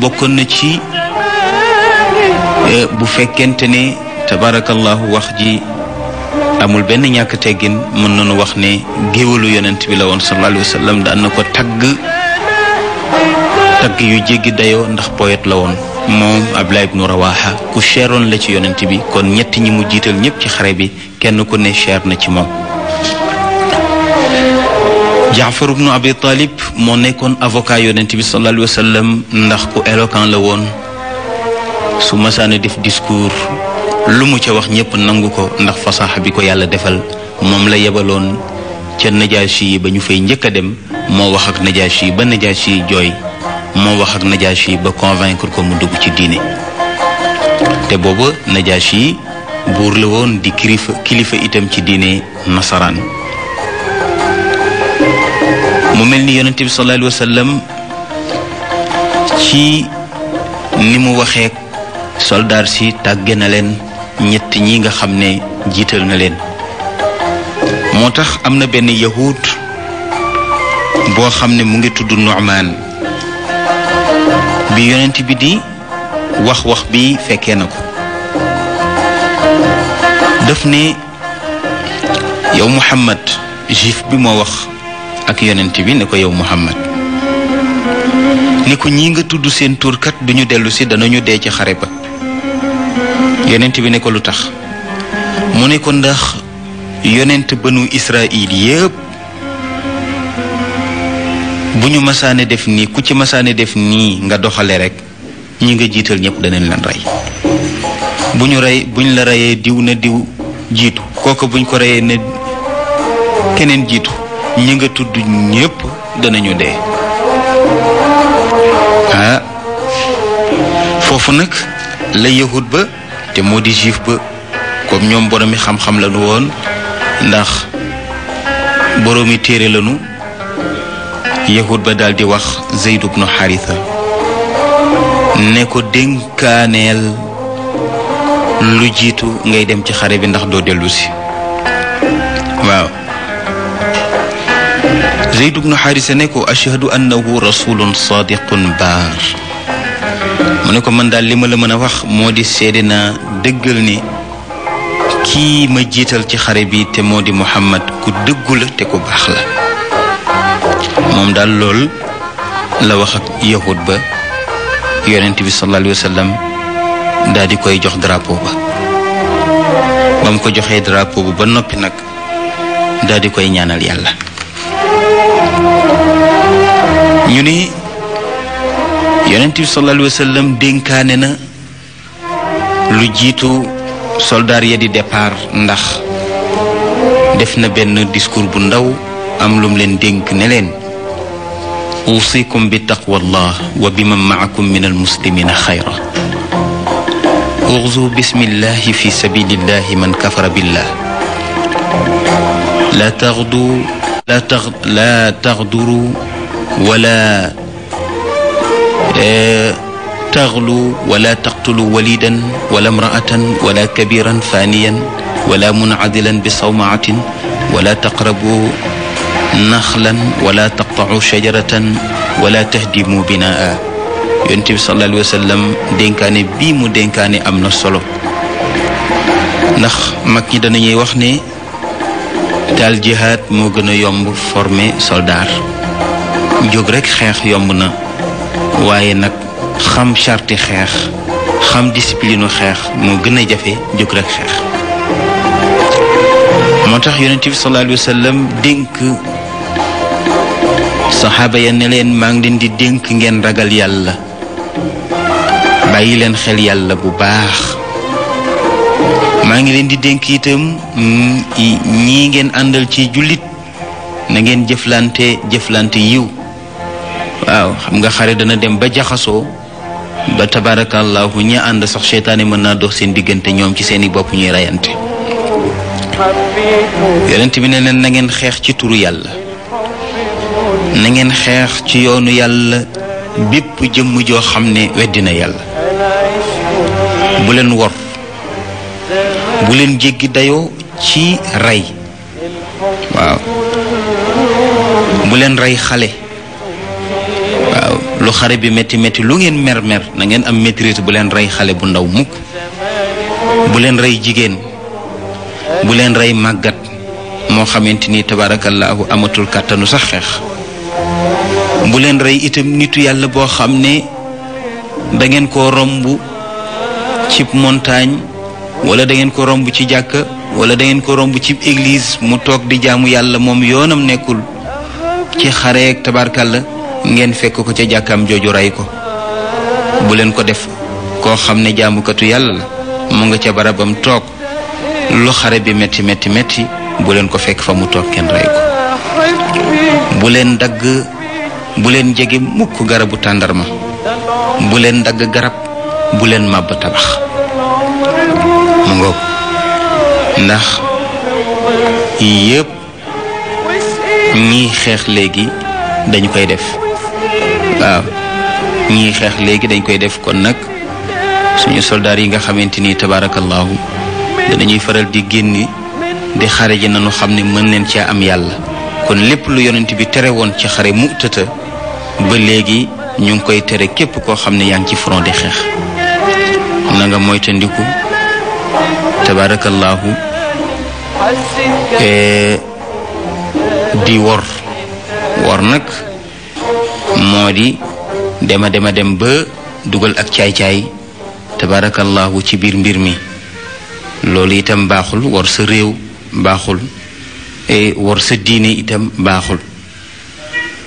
bokkoon na ci eh, bu fekkente ne tabarakallahu wax ji amul benn ñàkk teggin mën na nañu wax ne géwalu yonent bi la woon sallallahu alayhi wa daan na ko tagg tagg yu jéggi dayoo ndax poète la woon moom Abdullah ibnu Rawaha ku cheroon la ci yonent bi kon ñetti ñi mu jiital ñépp ci xare bi kenn ku ne cher na ci moom jaafar ibnu abi talib moo nekkoon avocat yonent bi sallallahu ndax ku éloquent la woon su masaana def discours lu mu ca wax ñëpp nangu ko ndax fasaax bi ko yàlla defal moom la yebaloon ca najaashi ba ñu fay njëkk a dem moo wax ak najaashi yi ba najaashi jooy moo wax ak najaashi yi ba convaincre ko mu dugg ci diine te booba najaashi yi buur la woon di kilifa kilifa itam ci diine nasaraan mu mel ni yonent bi sallallahu alayhi wa ci ni mu waxee soldaar si tàgge na leen ñett ñi nga xam ne jiital na leen moo tax am na benn yahud boo xam ne mu ngi tudd Nu'man bi yonent bi di wax wax bi fekkee na ko def ne yow Muhammad juif bi moo wax ak yonent bi ne ko yow Muhammad ni ko ñii nga tudd seen turkat duñu dellu si danañu dee ci xare ba yonent bi ne ko lu tax mu ne ko ndax yonent banu Israil yépp bu ñu masaane def nii ku ci masaane def nii nga doxale rek ñi nga jiital ñëpp danañ leen rey bu ñu rey buñ la reyee diw na diw jiitu kooku buñ ko reyee ne keneen jiitu ñi nga tudd ñépp danañu de foofu nag la yahut ba te moo di juif ba kon ñoom boroomi xam-xam lañu woon ndax boroomi téere lañu yahut ba daldi wax Zayd ibnu Haritha ne ko dénkaaneel lu jiitu ngay dem ci xare bi ndax doo dellusi waaw zeyd ibnu xaarisa ne ko ashhadu annahu rasulun sadiqun baar mu ne ko man daal li ma la mën a wax moo di seede naa dëggal ni kii ma jiital ci xare bi te moo di muhammad ku dëggu la te ku baax la moom daal lool la wax ak yahud ba yonent bi sallallahu alayhi wa di koy jox drapeau ba moom ko joxee drapo bu ba noppi nag daal di koy ñaanal yàlla ñu ni yonent bi sallallahu dénkaane na lu jiitu soldaar ya di départ ndax def na benn discours bu ndaw am lum leen dénk ne leen usikum bi taqwallah wa bi man maakum min almuslimina xayra uxzu bismillahi fi man kafara billah la la taxduru wala eh, taxlu wala taqtulu walidan wala imraatan wala kabiran faniyan wala munadilan bi sawmaatin wala taqrabu naxlan wala taqtau shajaratan wala tahdimu binaa yonent bi sallallahu alayhi wa sallam dénkaane bii mu dénkaane am na solo ndax mag ñi danañuy wax ne daal jihaad moo gën a yomb former soldaar jóg rek xeex yomb na waaye nag xam charti xeex xam discipline xeex moo gën a jafe jóg rek xeex moo tax yonent bi sallallahu dénk saxaaba ya ne leen maa ngi leen di dénk ngeen ragal yàlla bàyyi leen xel yàlla bu baax maa ngi leen di dénk itam mm, ñi ngeen àndal ci jullit na ngeen jëflante jëflante yiw waaw xam nga xare dana dem ba jaxasoo ba tabaarakallaahu ñu ànd sax seytaane mën naa dox seen diggante ñoom ci seeni boppu ñuy reyante yonent bi ne leen na ngeen xeex ci turu yàlla na ngeen xeex ci yoonu yàlla bépp jëmm joo xam ne weddina yàlla bu leen wor bu leen jéggi dayoo ci rey waaw bu leen rey xale lu xare bi métti métti lu ngeen mer mer na ngeen am maîtrise bu leen rey xale bu ndaw mukk bu leen rey jigéen bu leen rey màggat moo xamante ni tabaarakallaahu amatul kàttanu sax xeex bu leen rey itam nitu yàlla boo xam ne da ngeen ko romb cib montagne wala dangeen ko romb ci jàkka wala dangeen ko romb cib église mu toog di jaamu yàlla moom yoonam nekkul ci xareek la ngeen fekk ko ca jàkkam jooju rey ko bu leen ko def koo xam ne jàmbukatu yàlla la mu nga ca barabam toog lu xare bi metti metti metti bu leen ko fekk fa mu toog kenn rey ko bu leen dagg bu leen jege mukk garabu tàndarma bu leen dagg garab bu leen màbb tabax mu ndax yépp ñiy xeex léegi dañu koy def waaw ñii xeex léegi dañ koy def kon nag suñu soldaar yi nga xamante ni tabaarakallaahu danañuy faral di génni di xare ji nañu xam ne mën neen cee am yàlla kon lépp lu yonent bi tere woon ci xare mu tëta ba léegi ñu ngi koy tere képp koo xam ne yaa ngi ci front di xeex nanga nga moytandiku tabaarakallaahu eh, di wor wor nag moo di dema dema dem ba dugal ak caay-caay tabarakallahu ci biir mbir mi loolu itam baaxul war sa réew baaxul e war sa diine itam baaxul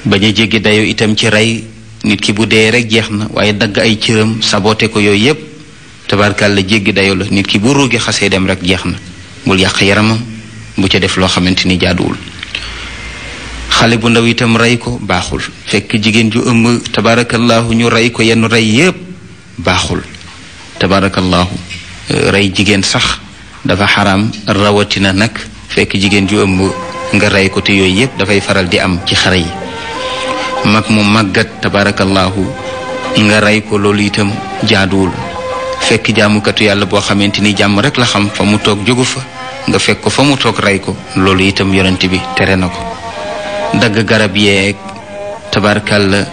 bañ a jéggi dayo itam ci rey nit ki bu dee rek jeex na waaye dagg ay cëram sabote ko yooyu yépp la jéggi dayoo la nit ki bu ruugi xasee dem rek jeex na bul yàq yaramam bu ca def loo xamante ni jaaduwul xale bu ndaw itam rey ko baaxul fekk jigéen ju ëmb tabaarakallaahu ñu rey ko yenn rey yépp baaxul tabaarakallaahu euh, rey jigéen sax dafa xaraam rawatina nag fekk jigéen ju ëmb nga rey ko te yooyu yépp dafay faral di am ci xare yi mag mu màggat tabaarakallaahu nga rey ko loolu itam jaaduwul fekk jaamukatu yàlla boo xamante ni jàmm rek la xam fa mu toog jógu fa nga fekk ko fa mu toog rey ko loolu itam yonent bi tere na ko dagg garab yee tabarkal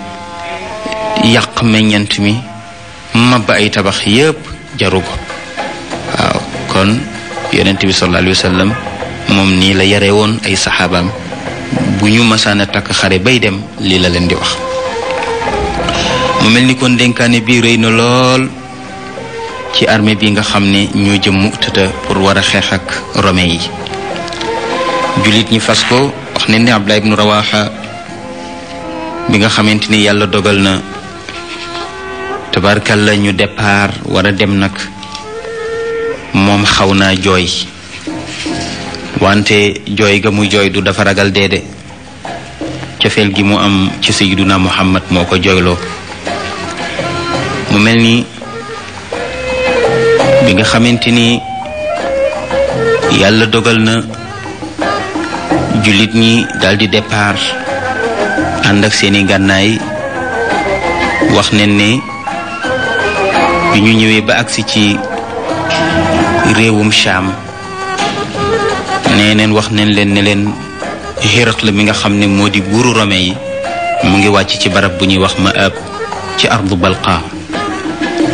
yàq meññant mi mabba ay tabax yépp jaru ko waaw kon yonent bi sallallahu alayhi moom nii la yare woon ay saxaabaam bu ñu masaan takk xare bay dem lii la leen di wax mu mel ni kon dénkaane bii rëy na lool ci armée bi nga xam ne ñoo jëm Mu'tata pour war a xeex ak romain yi jullit ñi fas ko wax ne ni Abdullah ibnu Rawaxa bi nga xamante ni yàlla dogal na tabarkal la ñu départ war a dem nag moom xaw naa jooy wante jooy ga mu jooy du dafa ragal deede cofeel gi mu am ci sayyiduna Muhammad moo ko jooyloo mu mel ni bi nga xamante ni yàlla dogal na jullit ñi daal di départ ànd ak seeni gànnaay wax ne ne bi ñu ñëwee ba agsi ci réewum Shaam nee wax neen leen ne leen Hiraql la mi nga xam ne moo di buuru Rome yi mu ngi wàcc ci barab bu ñuy wax Maab ci ardu Balqa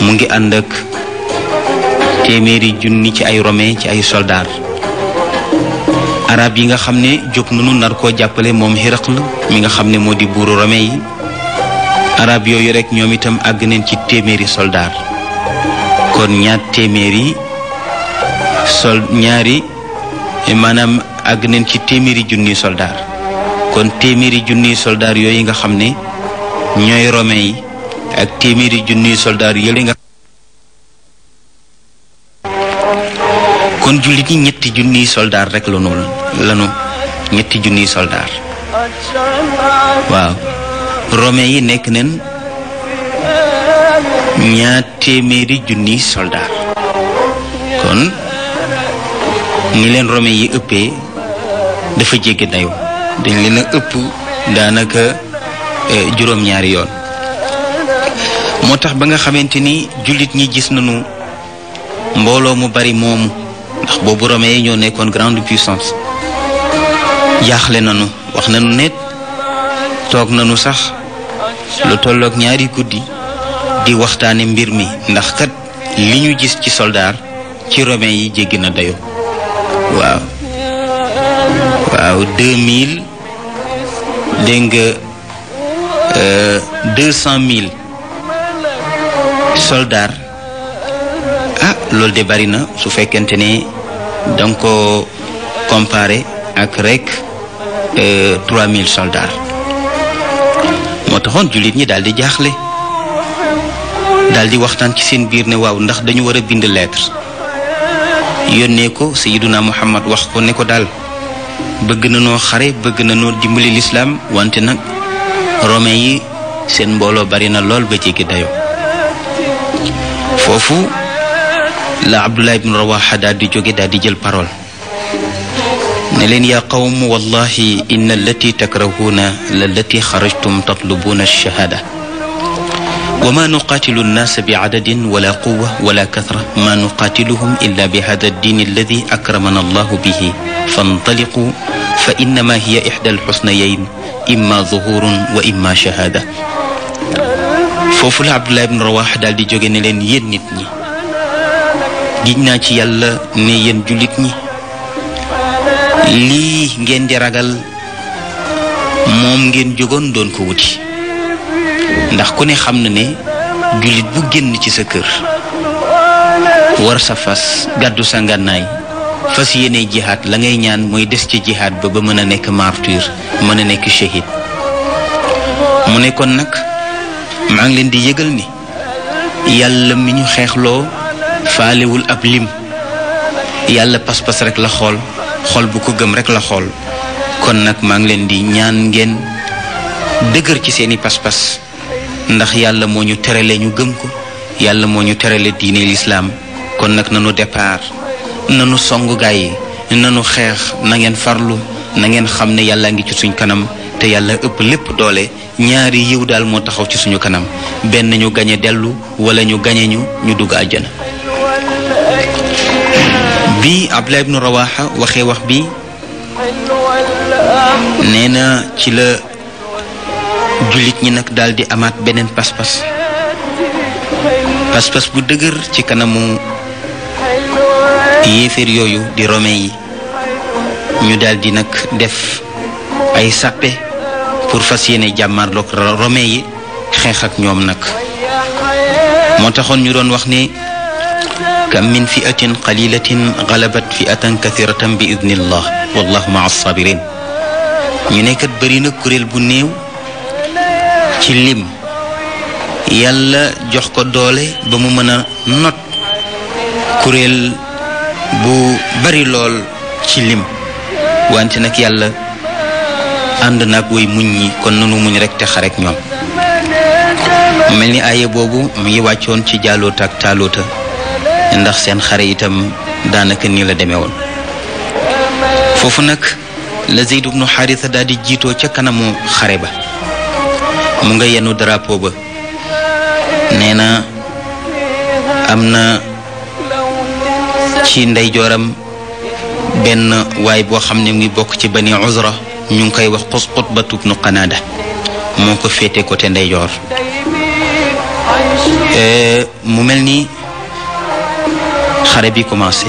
mu ngi ànd ak téeméeri junni ci ay Rome ci ay soldaar arab yi nga xam ne jóg nunu nar koo jàppale moom Hiraql mi nga xam ne moo di buuru Rome yi arab yooyu rek ñoom itam àgg nañ ci téeméeri soldaar kon ñaar téeméeri sol ñaari maanaam àgg nañ ci téeméeri junniy soldaar kon téeméeri junniy yooyu nga xam ne ñooy Rome yi ak téeméeri junniy soldaar yële nga kon jullit ñi ñetti junniy soldaar rek la noonu lanu ñetti junniy soldaar waaw romain yi nekk nen ñaar téeméeri junniy soldaar kon ni leen romain yi ëppee dafa jéggi dayu dañ leen ëpp daanaka eh, juróom-ñaari yoon moo tax ba nga xamante ni jullit ñi gis nañu mbooloo mu bari moomu ndax boobu Romains yi ñoo nekkoon grande puissance jaaxle nañu wax nañu ne toog nañu sax lu tolloog ñaari guddi di waxtaane mbir mi ndax kat li ñu gis ci soldaar ci Romains yi jéggi na dayo waaw waaw deux mille dégg nga euh, deux cent mille soldaar ah loolu de bari na su fekkente ne danga ko comparé ak rek euh, trois mille soldats moo taxoon jullit ñi daal di jaaxle daal waxtaan ci seen biir ne waaw ndax dañu war a bind lettre yónnee ko na Muhammad wax ko ne ko daal bëgg na noo xare bëgg na noo dimbali lislaam wante nag rome yi seen mbooloo bari na lool ba jéggi dayo foofu la Abdullah ibn Rawaha daal di jóge daal di jël parole ne leen yaa qawm wallahi inna allati takrahuuna la allati xarajtum tatlubuuna ash-shahaada wa ma nuqaatilu annaasa bi adadin wala quwa wala kathra ma nuqaatiluhum illa bi hada addiin alladi akramana allahu bihi fantaliqu fa innama hiya ixda alxusnayayn imma zuhurun wa imma shahaada foofu la Abdullah ibn Rawaha daal di jóge ne leen yéen nit ñi giñ naa ci yàlla ne yéen jullit ñi lii ngeen di ragal moom ngeen jógoon doon ko wuti ndax ku ne xam na ne jullit bu génn ci sa kër war sa fas gàddu sa ngànnaay fas yéene jihaat la ngay ñaan mooy des ci jihaat ba ba mën a nekk martyr mën a nekk shahid mu nekkoon nag maa ngi leen di yëgal ni yàlla mi ñu xeexloo faalewul ab lim yàlla pas-pas rek la xool xool bu ko gëm rek la xool kon nag maa ngi leen di ñaan ngeen dëgër ci seeni pas-pas ndax yàlla moo ñu terale ñu gëm ko yàlla moo ñu terale diine lislaam kon nag nanu départ nanu song gaay yi nanu xeex na ngeen farlu na ngeen xam ne yàlla ngi ci suñ kanam te yàlla ëpp lépp doole ñaari yiw daal moo taxaw ci suñu kanam benn ñu gañe dellu wala ñu gañe ñu ñu dugg jën bi Abdullah ibnu Rawaxa waxee wax bi nee na ci la jullit ñi nag daldi amaat beneen pas-pas pas bu dëgër ci kanamu yéeféer yooyu di rome yi ñu daldi nag def ay sàppe pour fas yéene jàmmarloog romain yi xeex ak ñoom nag moo taxoon ñu doon wax ne kam min fiatin qalilatin galabat fiatan kathiratan bi idnillah wallahu maa sabirin ñu nekkat bëri na kuréel bu néew ci lim yàlla jox ko doole ba mu mën a not kuréel bu bari lool ci lim wante nag yàlla ànd naag way mu ñi kon nanu muñ rek te xarek ñoom mel ni aaye boobu mu ngi wàccoon ci jaaloota ak taaloota ndax seen xare itam daanaka nii la demee woon foofu nag la Zeyd ibnu Xaarisa daal di jiitoo ca kanamu xare ba mu nga yenu drapeau ba nee na am na ci ndeyjooram benn waay boo xam ne mu ngi bokk ci bani Uzra ñu ngi koy wax xus xutbatu ibnu Qanaada ko féete côté ndeyjoor eh, mu mel ni xare bi commencé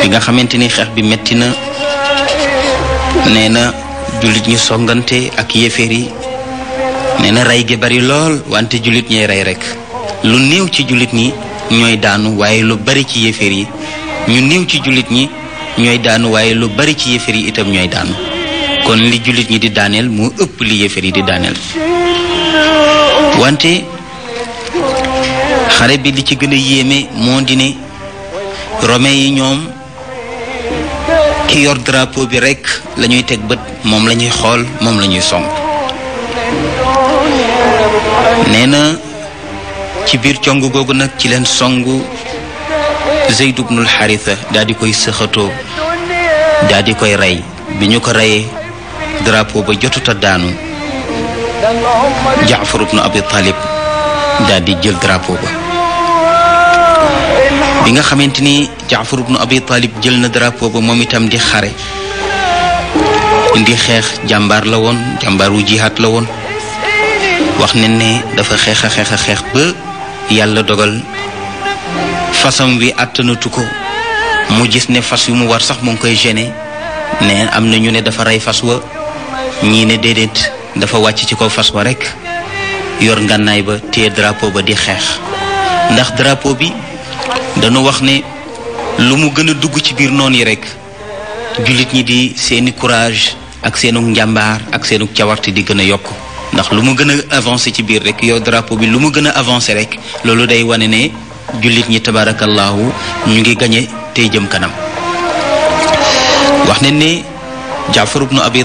bi nga xamante ni xeex bi metti na nee na jullit ñu songante ak yéeféer yi nee na rey gi bari lool wante jullit ñooy rey rekk lu néew ci jullit ñi ñooy daanu waaye lu bari ci yéeféer yi ñu néew ci jullit ñi ñooy daanu waaye lu bari ci yéeféer yi itam ñooy daanu kon li jullit ñi di daaneel moo ëpp li yéeféer yi di daaneel xare bi li ci gën a yéeme moo di ne romain yi ñoom ki yor drapo bi rekk lañuy teg bët moom la ñuy xool moom la ñuy song nee na ci biir cong googu nag ci leen songu Zeyd ibnul Xaritha daal di koy sëxatoo daldi koy rey bi ñu ko reyee drapo ba jotuta daanu Jaafar ibnu Abi daal di jël drapeau ba bi nga xamante ni Jaafar bu Abi Talib jël na drapeau ba moom itam di xare di xeex jàmbaar la woon jàmbaar wu jihaat la woon wax ne ne dafa xeex a xeex a ba yàlla dogal fasam wi àttanatu ko mu gis ne fas yu mu war sax mu koy gêné ne am na ñu ne dafa rey fas wa ñii ne déedéet dafa wàcc ci kaw fas wa rekk yor ngànnaay ba téye drapeau ba di xeex ndax drapo bi dañu wax ne lu mu gën a dugg ci biir noon yi rek jullit ñi di seeni courage ak seenu njàmbaar ak seenu cawarte di gën a yokk ndax lu mu gën a avancé ci biir rek yow drapo bi lu mu gën a avancé rek loolu day wane ne jullit ñi tabaarakallaahu ñu ngi gañe tey jëm kanam wax ne ne Jaafar ibnu Abi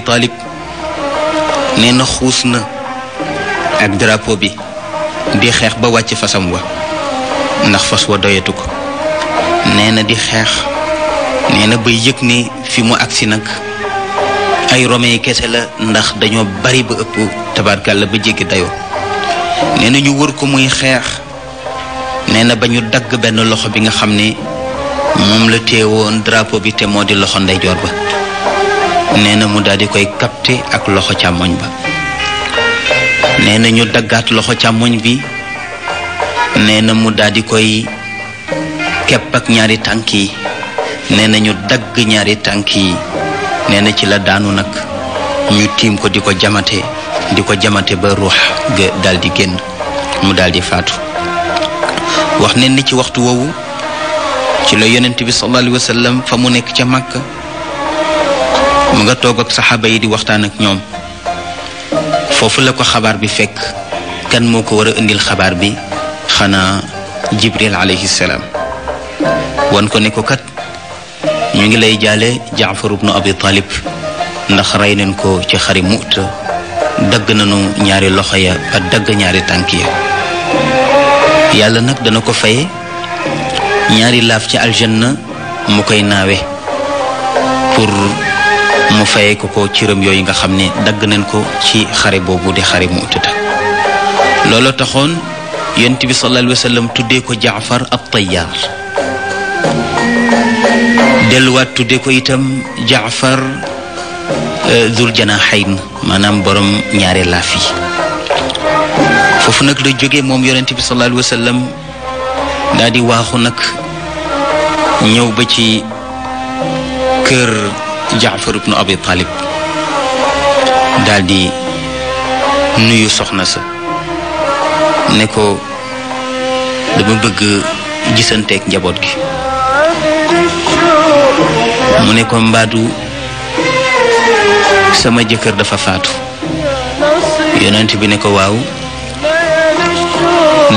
nee na xuus na ak drapeau bi di xeex ba wàcc fasam wa ndax fas wa doyatu ko nee na di xeex nee na ba yëg ni fi mu agsi nag ay romain kese la ndax dañoo bari ba ëpp tabarkàlla ba jéggi dayoo nee na ñu wër ko muy xeex nee na ba ñu dagg benn loxo bi nga xam ni moom la téewoon drapo bi te moo di loxo ndeyjoor ba nee na mu daal koy capter ak loxo càmmoñ ba nee na ñu daggaat loxo càmmoñ bi nee na mu daldi koy kepp ak ñaari tànk yi nee na ñu dagg ñaari tànk yi nee na ci la daanu nag ñu tiim ko di ko jamate di ko jamate ba ruux ga daldi génn mu daldi faatu wax ne ni ci waxtu woowu ci la yonent bi sallallahu alayhi fa mu nekk ca màkk mu nga toog ak saxaaba yi di waxtaan ak ñoom foofu la ko xabaar bi fekk kan moo ko war a indil xabaar bi xanaa jibril alayhi salaam wan ko ne ko kat ñu ngi lay jaale jaafar ibnu abi talib ndax rey ko ci xari mu'ta dagg nañu ñaari loxo ya ba dagg ñaari tànk ya yàlla nag dana ko faye ñaari laaf ci aljanna mu koy naawe pour mu fayee ko ko cëram yooyu nga xam ne dagg nañ ko ci xare boobu di xare mu utata looloo taxoon yonent bi sallallahu alayhi wa tuddee ko jaafar ab tayyaar delluwaat tuddee ko itam jaafar dul euh, janaaxayn maanaam borom ñaare laaf yi foofu nag la jóge moom yonent bi sallallahu alayhi wa di waaxu nag ñëw ba ci kër jaafar ibnu abi talib di nuyu soxna sa ne ko dama bëgg gisanteeg njaboot gi mu ne ko mbaadu sama jëkkër dafa faatu yonent bi ne ko waaw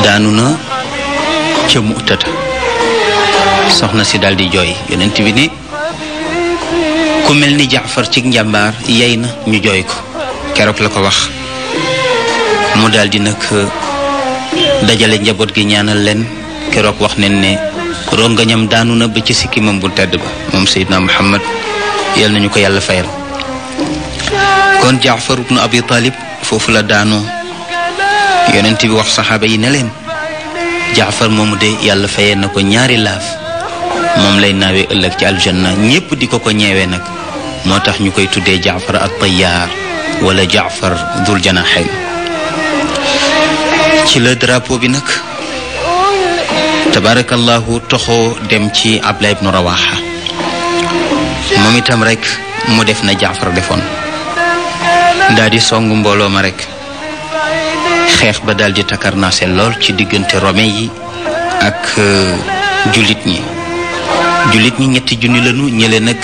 daanu na ca mu'tata soxna si daal di jooy yonent bi ne ku mel ni jaafar ci njàmbaar yey na ñu jooy ko keroog la ko wax mu daldi nag euh, dajale njaboot gi ñaanal leen keroog wax nañ ne rongañam daanu na ba ci sikkimam bu tedd ba moom Seydina Muhammad yal nañu ko yàlla fayal kon jaafar ibnu abi foofu la daanoo yonent bi wax saxaaba yi ne leen jaafar moomu de yàlla fayee na ko ñaari laaf moom lay naawee ëllëg ci aljanna ñépp di ko ko ñeewee nag moo tax ñu koy tuddee jaafar at-Tayyaar wala jaafar dul janaxayn ci la drapeau bi nag tabarakallahu toxoo dem ci Abdullah ibnu Rawaxa moom itam rek mu def na jaafar defoon daal song mbooloo ma rekk xeex ba daldi di takar seen lool ci diggante rome yi ak euh, jullit ñi jullit ñi ñetti junni lanu ñële nag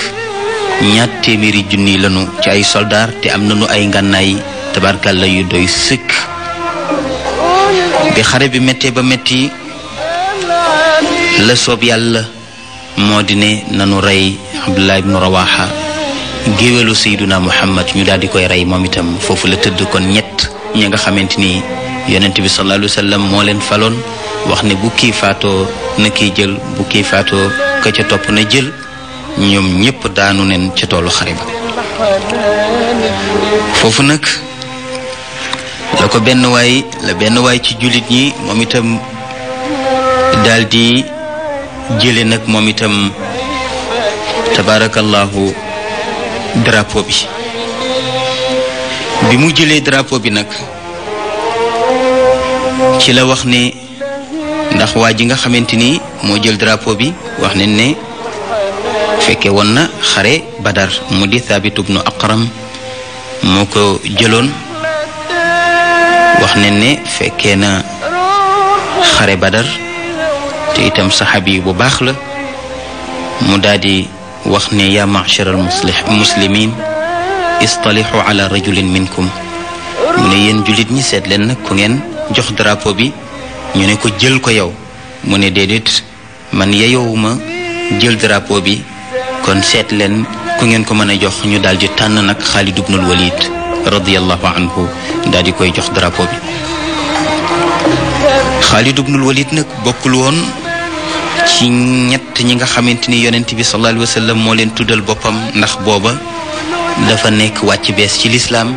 ñaar téeméeri junni lañu ci ay soldaar te am nañu ay ngànnaay tabarkàlla yu doy sëkk bi xare bi mettee ba metti la soob yàlla moo di ne nanu rey Abdullah ibnu Rawaxa géwélu Seyduna Muhammad ñu daal di koy rey moom itam foofu la tëdd kon ñett ña nga xamante ni yonent bi sallallahu alayhi moo leen faloon wax ne bu faatoo na kii jël bu kii faatoo ka ca topp na jël ñoom ñëpp daanu neen ca toolu xare ba foofu nag la ko benn waay la benn waay ci jullit ñi moom itam daldi jële nag moom itam tabaarakallaahu drapo bi bi mu jëlee drapeau bi nag ci la wax ne ndax waa ji nga xamante ni moo jël drapeau bi wax ne ne fekke woon na xare badar mu di thabit ibnu aqram moo ko jëloon wax ne ne fekkee na xare badar te itam saxaabi bu baax la mu daldi wax ne yaa ma'shar al muslimin istalixu ala rajulin minkum mu ne yéen jullit ñi seet leen nag ku ngeen jox drapeau bi ñu ne ko jël ko yow mu ne déedéet man yeyowuma jël drapeau bi kon seet leen ku ngeen ko mën a jox ñu daal di tànn nag Xaalid ibnul Walid radiyallahu anhu daal di koy jox drapeau bi Xaalid ibnul Walid nag bokkul woon ci ñett ñi nga xamante ni yonent bi sallallahu moo leen tuddal boppam ndax booba dafa nekk wàcc bees ci lislaam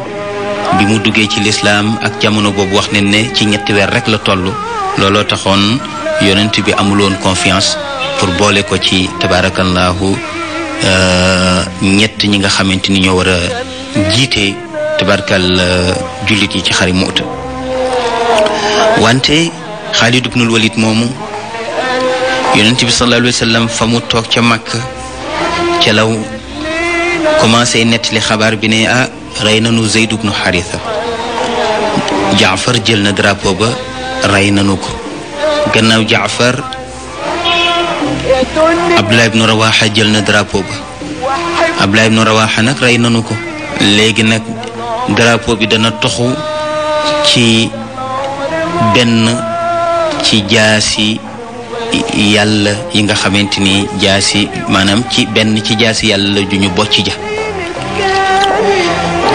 bi mu duggee ci lislaam ak jamono boobu wax nañ ne ci ñetti weer rek la toll looloo taxoon yonent bi amuloon confiance pour boole ko ci tabaarakallaahu Euh, ñett ñi nga xamante ni ñoo war a jiite tabarkal euh, jullit yi ci xari Mu'ta wante Xaalid ibnul Walid moomu yonent bi sallallahu alayhi fa mu toog ca màkk ca law commencé nettali xabaar bi ne ah rey na nanu Zeyd ibnu Xaritha Jaafar jël na drapeau ba rey nanu ko gannaaw Jaafar Abdullah ibnu Rawaxa jël na drapeau ba Abdullah ibnu Rawaxa nag rey nanu ko léegi nag drapo bi dana toxu ci benn ci jaasi yàlla yi nga xamante ni jaasi maanaam ci benn ci jaasi yàlla ju ñu bocc ja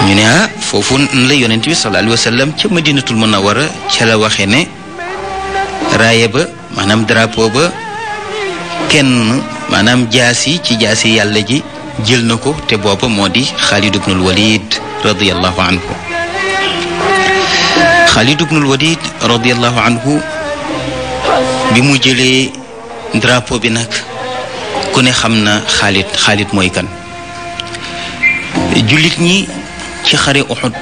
ñu ne ah foofu la yonent bi sallallahu alayhi wa sallam ca madinatul munawara ca la waxe ne raaye ba maanaam drapo ba kenn maanaam jaas yi ci jaasi yàlla ji jël na ko te booba moo di Xaalid ibnul Walid radiyallahu anhu bi mu jëlee drapo bi nag ku ne xam na Xaalid Xaalid mooy kan jullit ñi ci xare Uhud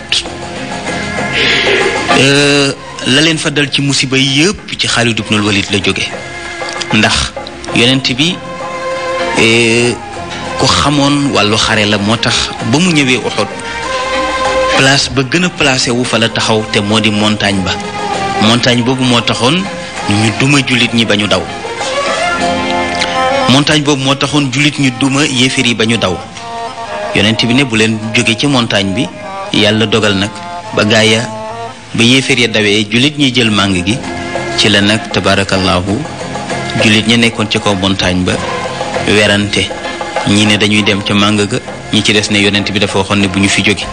euh, la leen fa dal ci musiba yépp ci Xaalid Walid la jóge ndax yonent bi e, ku xamoon wàllu xare la moo tax ba mu ñëwee Uhud place ba gën a placé wu fa la taxaw te moo di montagne ba montagne boobu moo taxoon ñu duma jullit ñi ba ñu daw montagne boobu moo taxoon jullit ñu duma yéeféer yi ba ñu daw yonent bi ne bu leen jóge ci montagne bi yàlla dogal nag ba gaaya ba yéeféer ya dawee jullit ñi jël màng gi ci la nag tabaarakallaahu jullit ña nekkoon ca kaw montagne ba werante ñi ne dañuy dem ca màng ga ñi ci des ne yonent bi dafa waxoon ne bu ñu fi jóge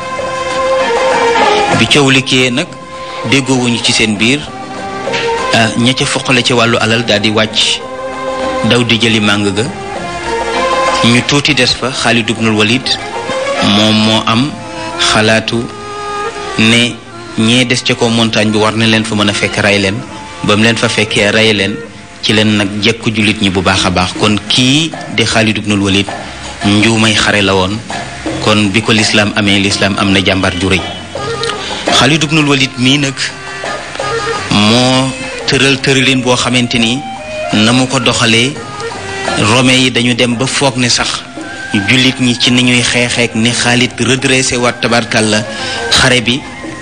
bi coow likkee nag déggoowuñu ci seen biir ah, ña ca foqale ci wàllu alal daal di wàcc daw di jëli màng ga ñu tuuti des fa Xaalid ibnul Walid moom moo am xalaatu ne ñee des ca ko montagne bi war na leen fa mën a fekk rey leen ba mu leen fa fekkee rey leen ci leen nag jekku jullit ñi bu baax a baax kon kii di Xaalid ibnul Walid njuumay xare la woon kon bi ko lislaam amee lislaam am na jàmbar ju rëy Xaalid ibnul mii nag moo tëral tëralin boo xamante ni na mu ko doxalee rome yi dañu dem ba foog ne sax jullit ñi ci ni ñuy xeexeek ni Xaalid redressé waat tabarkàlla xare bi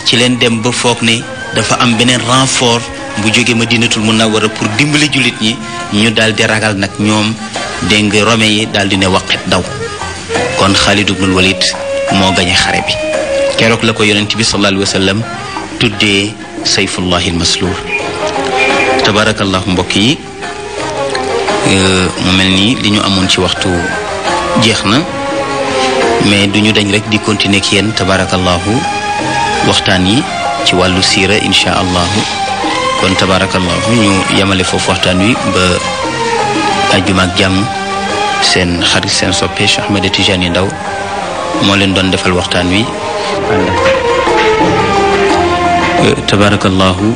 ci leen dem ba foog ne dafa am beneen renfort bu jógee Madinatul Munawwara pour dimbali jullit yi ñu daal di ragal nag ñoom dégg nga rome yi daal di ne waqet daw kon Xaalid ibnul Walid moo gañe xare bi keroog la ko yonent bi sallallahu alayhi wa sallam tuddee sayfullahi almasluur tabaarakallahu mbokk yi euh, mu mel nii li ñu amoon ci waxtu jeex na mais duñu dañ rek di continuer kenn yéen tabaarakallahu waxtaan yi ci wàllu siira incha allahu kon tabaarakallaahu ñu yemale foofu waxtaan wi ba ajjuma ak jàmm seen xarit seen soppe Cheikh Ahmed Tidiane moo leen doon defal waxtaan wi euh, tabaarakallaahu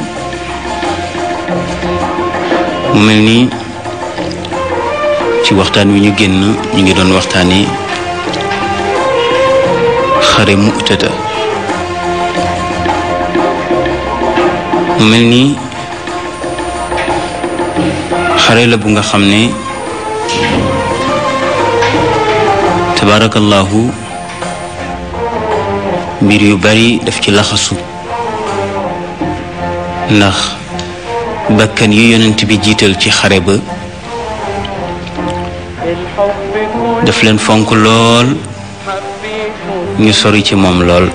mu mel nii ci waxtaan wi ñu génn ñu ngi doon waxtaani xare Mu'tata mu mel nii xare la bu nga xam ni tabaarakallaahu mbir yu bari daf ci laxasu ndax bakkan yu yonent bi jiital ci xare ba daf leen fonk lool ñu sori ci moom lool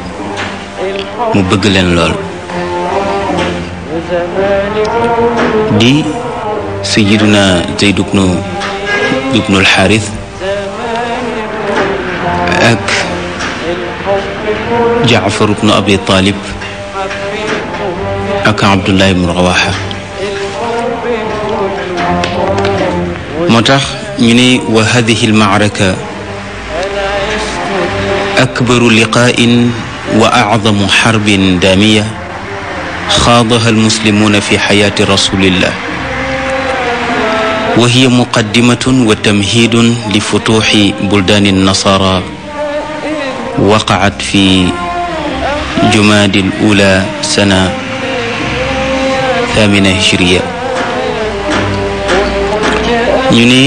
mu bëgg leen lool sayiduna zeyd ibnu ibnu alxaaris ak jaafar ibnu abi talib ak abdullah ibnu rawaxa moo tax ñu ne wa hadihi almaaraka akbaru liqaain wa acdamu xarbin daamiya xaadaha almuslimuuna fi xayaati rasulillah wa hiya muqaddimatun wa tamhidun li futuxi buldaani nasara waqacat fi jumaadi al-ula sana thamina hijriya ñu ne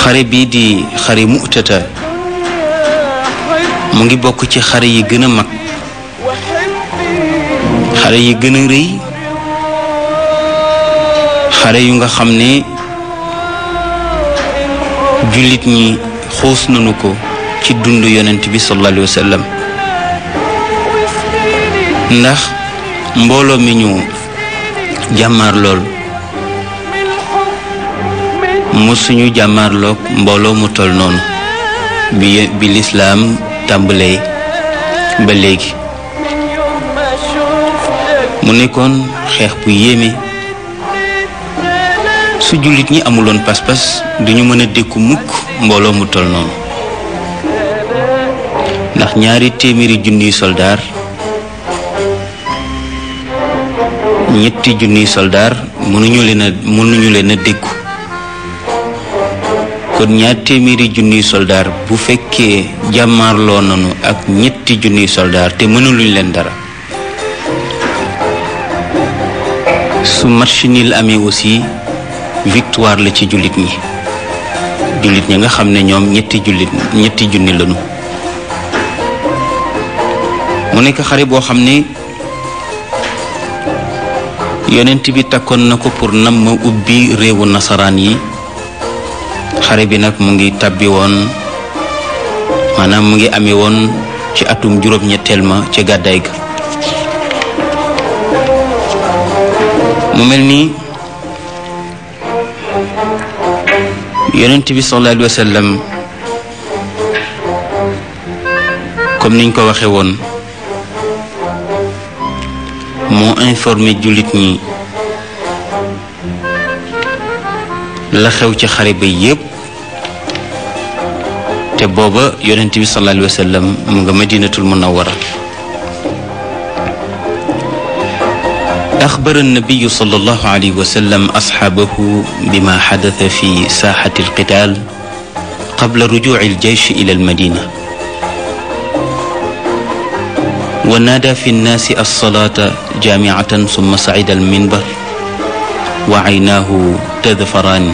xare bii di xare mu'tata mu ngi bokk ci xare yi gën a mag xare yi gën a rëy xare yu nga xam ni jullit ñi xuus nañu ko ci dund yonent bi sallallahu alayhi wa ndax mbooloo mi ñu jàmmaar lool mu suñu jàmmaarloog mbooloo mu toll noonu bi bi lislaam tàmbalee ba léegi mu nekkoon xeex bu yéeme su jullit ñi amuloon pas-pas duñu mën a dékku mukk mbooloo mu tol noonu ndax ñaari téeméeri junniy soldaar ñetti junniy soldaar mënuñu leen a dékku kon ñaar téeméeri junniy soldaar bu fekkee jàmmaarloo nañu ak ñetti junniy soldaar te mënuluñ leen dara victoire la ci jullit ñi jullit ñi nga xam ne ñoom ñetti jullit ñetti junni lañu mu nekk xare boo xam ne yonent bi takkoon na ko pour nam ma ubbi réewu nasaraan yi xare bi nag mu ngi tàbbi woon maanaam mu ngi ame woon ci atum juróom-ñetteel ma ci gàddaay gi mu mel ni yonent bi sallallahu alayhi comme niñ ko waxe woon moo informé jullit ñi la xew ci xare ba yépp te booba yonent bi sallallahu alayhi wa sallam mu nga madinatul munawwara أخبر النبي صلى الله عليه وسلم أصحابه بما حدث في ساحة القتال قبل رجوع الجيش إلى المدينة ونادى في الناس الصلاة جامعة ثم صعد المنبر وعيناه تذفران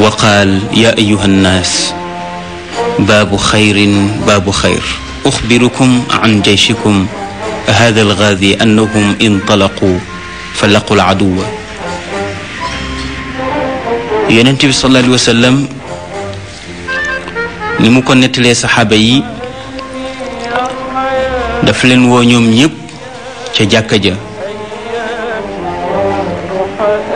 وقال يا أيها الناس باب خير باب خير أخبركم عن جيشكم هذا الغازي أنهم انطلقوا فلقوا العدو yonent bi sallallahu ni mu ko nettalee saxaaba yi daf leen woo ñoom ñépp ca jàkka ja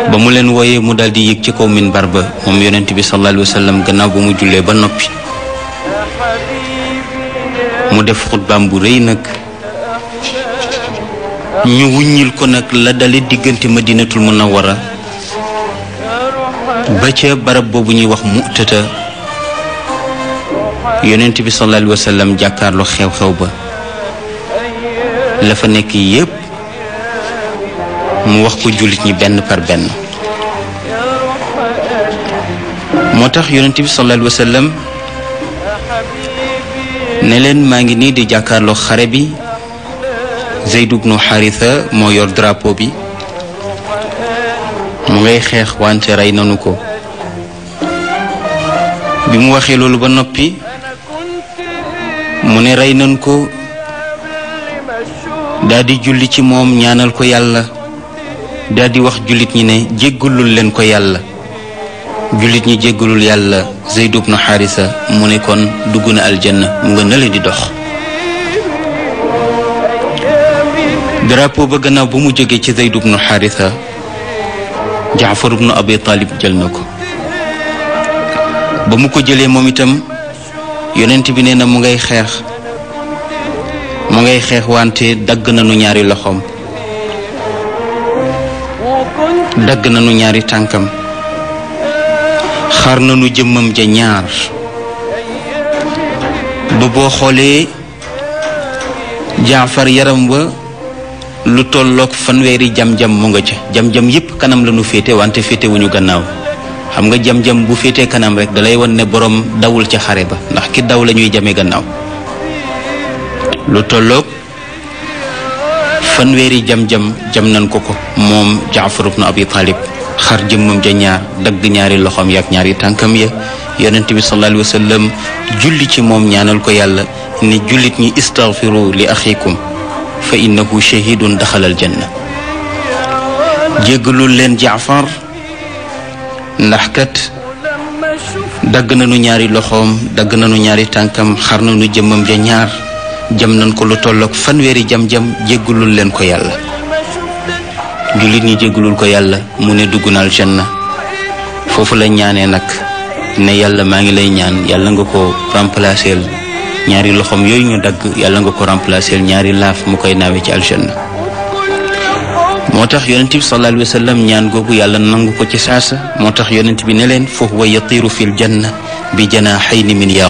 ba mu leen wooyee mu daldi yëg ci kaw minbar ba moom yonent bi sallallahu alayhi gannaaw ba mu jullee ba noppi mu def xutbaam bu rëy nag ñu wuññil ko nag la dale diggante ma mën madinatul munawara ba ca barab boobu ñuy wax mu'tata yonent bi sallallahu alayhi jàkkaarloo xew-xew ba la fa nekk yépp mu wax ko jullit ñi benn par benn moo tax yonent bi sallallahu alayhi wa sallam ne leen maa ngi nii di jàkkaarloo xare bi Zeyd ibnu Xaritha moo yor drapeau bi mu ngay xeex wante rey nanu ko bi mu waxee loolu ba noppi mu ne rey nanu ko daldi julli ci moom ñaanal ko yàlla daldi wax jullit ñi ne jéggalul leen ko yàlla jullit ñi jéggalul yàlla Zeyd ibnu Xaritha mu ne kon dugg na aljanna mu nga nële di dox drapeau ba gannaaw ba mu jógee ci Zayd ibnu Xaarisa Jaafar ibnu Abi jël na ko ba mu ko jëlee moom itam yonent bi nee na mu ngay xeex mu ngay xeex wante dagg nañu ñaari loxoom dagg na nu ñaari tànkam xar na nu jëmmam ja ñaar ba boo xoolee Jaafar yaram wa lu tollook fanweeri jam-jam mu nga ca jam-jam yépp kanam la ñu féete wante féetewuñu gannaaw xam nga jam-jam bu féete kanam rek dalay won ne boroom dawul ca xare ba ndax ki daw lañuy ñuy gannaaw lu tolloog fanweeri jam-jam jam nañ ko ko moom jaafar ibnu abi talib xar jëmmam ja ñaar dagg ñaari loxoom yaak ñaari tànkam ya yonent bi sallallahu alayhi julli ci moom ñaanal ko yàlla ni jullit ñi istaghfiru li axikum fa innahu shahidun daxalal janna jéggalul leen jaafar ndax kat dagg nañu ñaari loxoom dagg nañu ñaari tànkam xar na nañu jëmmam ja ñaar jëm nañ ko lu tollook fanweeri jam-jam jéggalul leen ko yàlla jullit ñi jéggalul ko yàlla mu ne dugg na aljanna foofu la ñaane nag ne yàlla maa ngi lay ñaan yàlla nga ko remplacer ñaari loxoom yooyu ñu dagg yàlla nga ko remplacer ñaari laaf mu koy naawe ci aljanna moo tax yonent bi sallallahu alayhi ñaan googu yàlla nangu ko ci saasa moo tax yonent bi ne leen fa huwa yatiiru fi l janna bi janaahayni min yaa